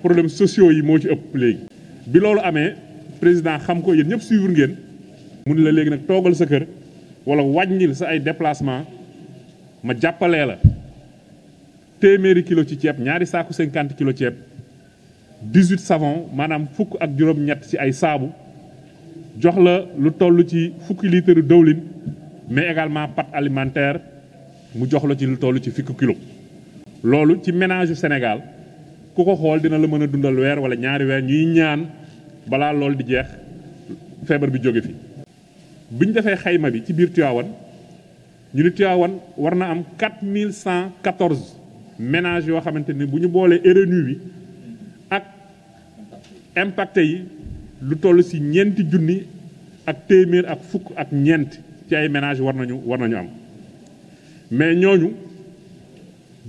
problème sociaux yi moo ci ëpp léegi bi loolu amee président xam ko yéen ñëpp suivre ngeen mun la léegi nag toogal sa kër wala wàññil sa ay déplacement ma jàppalee la téeméeri kilo ci ceeb ñaari saaku cinquante kilo ceeb dix-huit maanaam fukk ak juróom-ñett ci ay saabu jox la lu toll ci fukki litre dëwlin mais également pâte alimentaire mu jox la ci lu toll ci fukki kilo loolu ci ménage Sénégal ku ko xool dina la mën dundal weer wala ñaari weer ñuy ñaan balaa lool di jeex feebar bi jóge fi bi ñu defee xayma bi ci biir Tivaouane ñu ni Tivaouane war na am 4114 ménages yoo xamante ni bu ñu boolee RNU bi ak impacté yi lu toll si ñeenti junni ak téeméer ak fukk ak ñeent ci ay ménages war nañu war nañu am mais ñooñu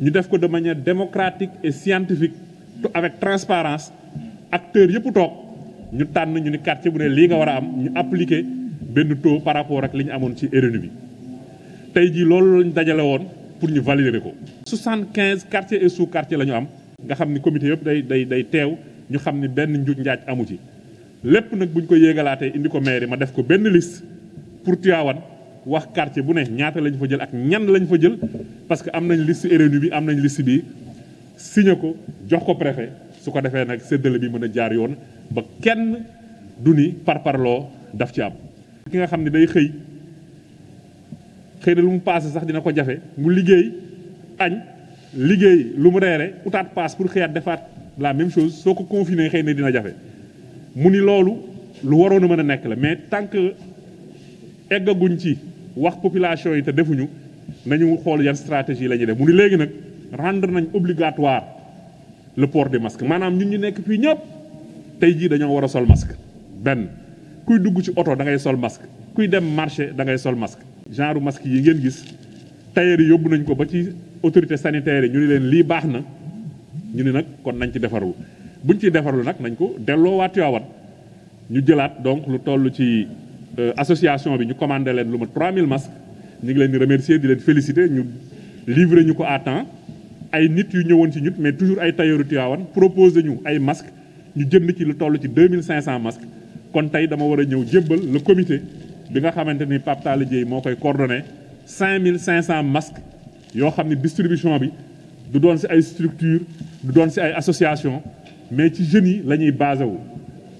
ñu def ko de manière démocratique et scientifique avec transparence acteurs yëpp toog ñu tànn ñu ni quartier bu ne lii nga war a am ñu appliquer benn taux par rapport ak li ñu amoon ci RNU bi tey jii loolu lañ dajale woon pour ñu valider ko. 75 quartiers et sous quartiers la ñu am nga xam ni comité yëpp day day day teew ñu xam ni benn njuuj njaaj amu ci lépp nag buñ ko yéegalaatee indi ko mairie ma def ko benn liste pour Tivaouane. wax quartier bu ne ñaata lañ fa jël ak ñan lañu fa jël parce que am nañ liste RNU bi am nañ liste bi signé ko jox ko préfet su ko defee nag séddale bi mën a jaar yoon ba kenn du ni parparloo daf ci am. ki nga xam ne day xëy xëy na lu mu paase sax dina ko jafe mu liggéey añ liggéey lu mu reere utaat paas pour xëyaat defaat la même chose soo ko confiné xëy na dina jafe mu ni loolu lu waroon a mën a nekk la mais tant eggaguñ ci wax population yi te defuñu nañu xool yan stratégie la ñuy def mu ni léegi nag rendre nañ obligatoire le port du masque maanaam ñun ñu nekk fii ñëpp tey jii dañoo war a sol masque benn kuy dugg ci oto da ngay sol masque kuy dem marché da ngay sol masque genre masque yi ngeen gis tailleur yóbbu nañ ko ba ci autorité sanitaire yi ñu ni leen lii baax na ñu ni nag kon nañ ci defarul buñ ci defarul nag nañ ko delloowaat Tiwaawan ñu jëlaat donc lu toll ci Euh, association bi ñu commandé leen 3000 masques ñu ngi leen di remercier di leen féliciter ñu livrer à temps ay nit yu ñëwoon ci ñut mais toujours ay tailleur Tivaouane proposé ñu ay masques ñu jënd ci lu toll ci 2500 masques kon tay dama war a ñëw le comité bi nga xamante ni Pape Talla Dieye moo koy coordonner 5500 masques yoo xam ne distribution bi du doon ci ay structure du doon ci ay association mais ci jeunes yi la ñuy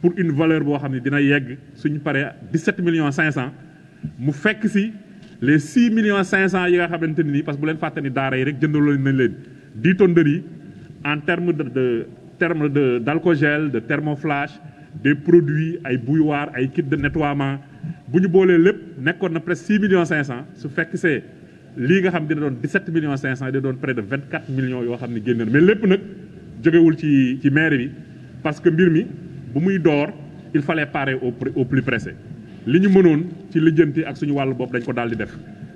pour une valeur boo xam dina yegg suñu paree 17 millions 500 mu fekk si les 6 millions 500 yi nga ni parce que bu leen fàtte daara yi rek nañ leen 10 tonnes de riz en termes de de terme de d' de thermoflash des produits ay bouilloire ay kit de nettoiement si ñu boolee lépp na presque 6 millions 500 su fekk see lii nga xam dina 17 millions 500 dina doon près de 24 millions 000. mais lépp nag jógewul ci ci maire bi parce que mbir mi. bu muy door il fallait parer au au plus pressé li ñu mënoon ci lijjanti ak suñu wàllu bopp dañ ko daal di def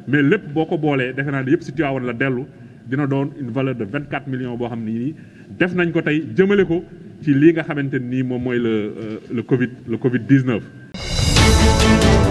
mais lépp boo ko boolee defe naa ne yëpp si Tivaouane la dellu dina doon une de de 24 millions boo xam ne nii def nañ ko tey jëmale ko ci lii nga xamante nii moom mooy la euh, le Covid le Covid 19.